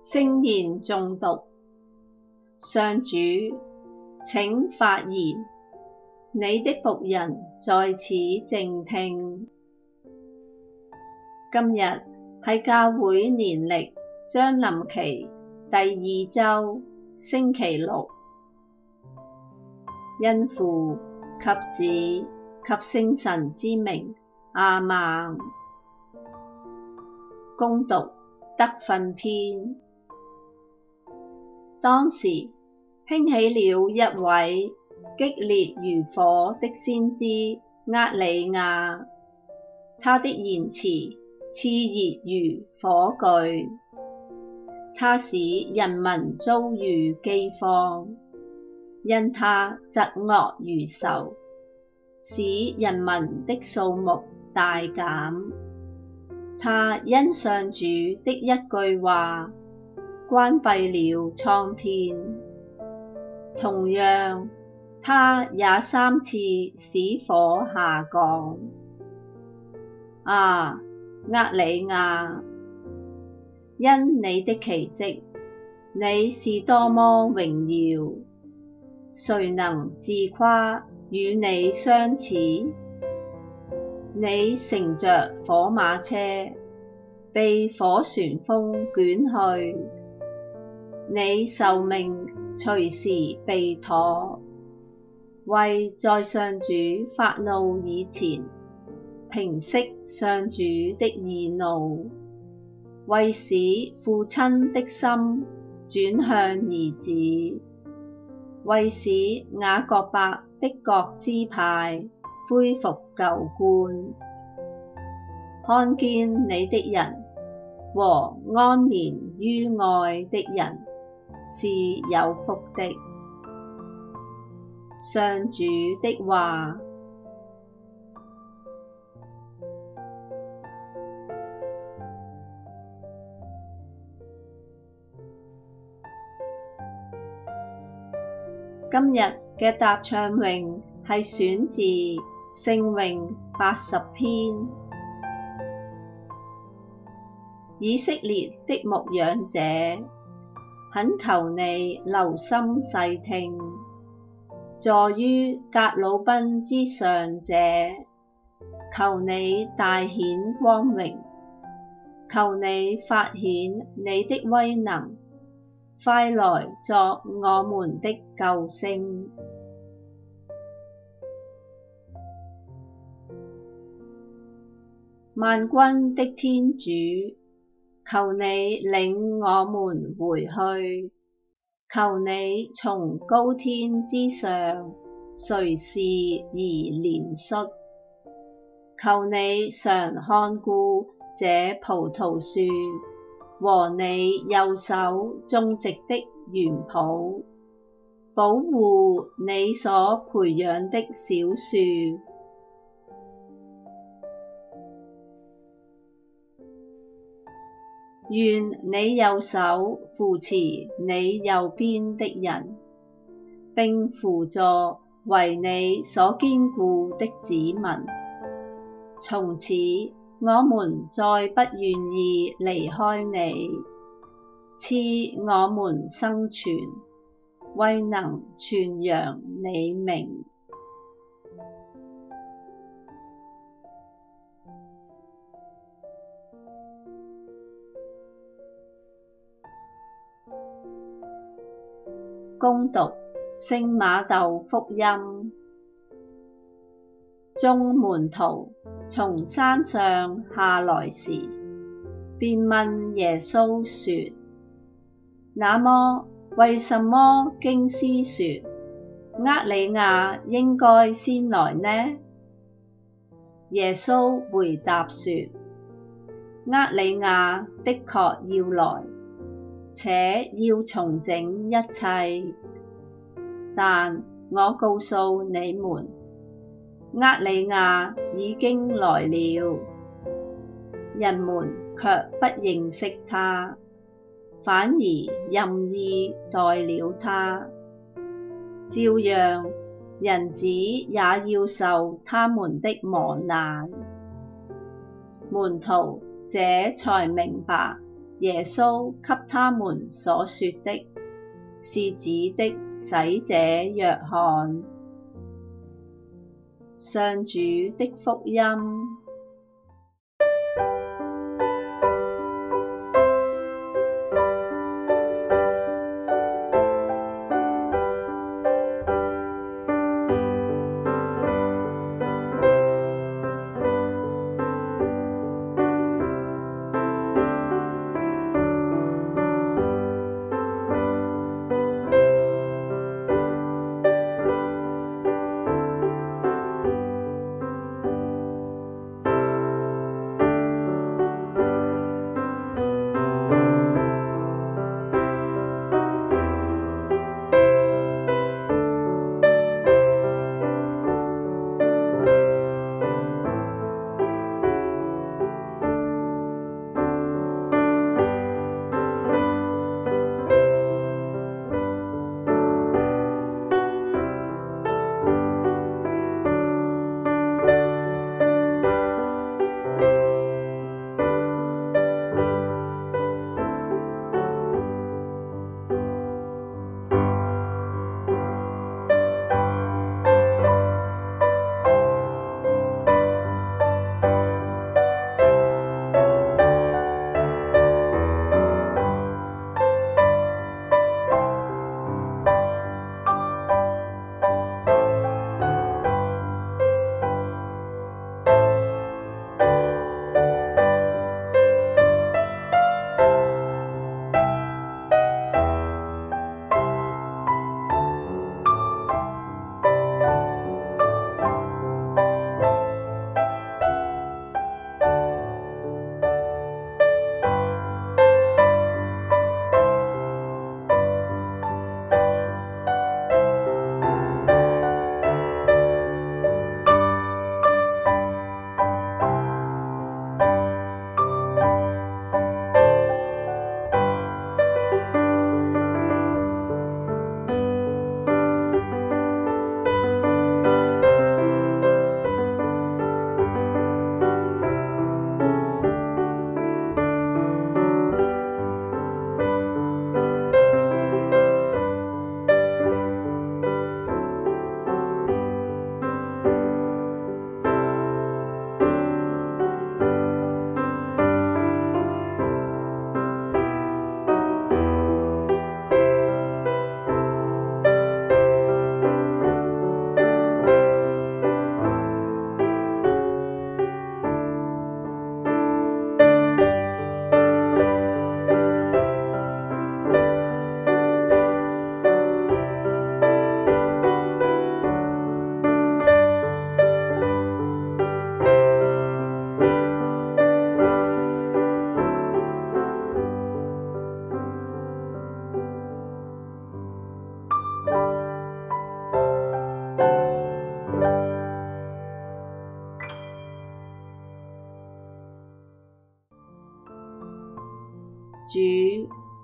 聖言誦讀，上主，請發言，你的僕人在此靜聽。今日係教會年曆將臨期，第二週星期六，因父及子及聖神之名，阿孟，恭讀德訓篇。當時，興起了一位激烈如火的先知厄里亞，他的言辭熾熱如火炬。他使人民遭遇饑荒，因他嫉惡如仇，使人民的數目大減。他因上主的一句話，關閉了蒼天。同樣，他也三次使火下降。啊，厄里亞！因你的奇蹟，你是多麼榮耀，誰能自誇與你相似？你乘着火馬車，被火旋風捲去，你受命隨時備妥，為在上主發怒以前，平息上主的義怒。為使父親的心轉向兒子，為使雅各伯的各支派恢復舊觀，看見你的人和安眠於愛的人是有福的。上主的話。今日嘅答唱詠係選自聖詠八十篇。以色列的牧養者，懇求你留心細聽，坐於革魯賓之上者，求你大顯光榮，求你發顯你的威能。快來作我們的救星！萬軍的天主，求你領我們回去，求你從高天之上垂視而憐恤，求你常看顧這葡萄樹。和你右手種植的園圃，保護你所培養的小樹。願你右手扶持你右邊的人，並扶助為你所堅固的子民！從此，我們再不願意離開你，賜我們生存，為能傳揚你名。恭讀《聖瑪竇福音》，眾門徒。從山上下來時，便問耶穌說：「那麼，為什麼經師說，厄里亞應該先來呢？」耶穌回答說：「厄里亞的確要來，且要重整一切，但我告訴你們。厄里亞已經來了，人們卻不認識他，反而任意待了他。照樣，人子也要受他們的磨難。門徒這才明白耶穌給他們所說的，是指的洗者若翰。上主的福音。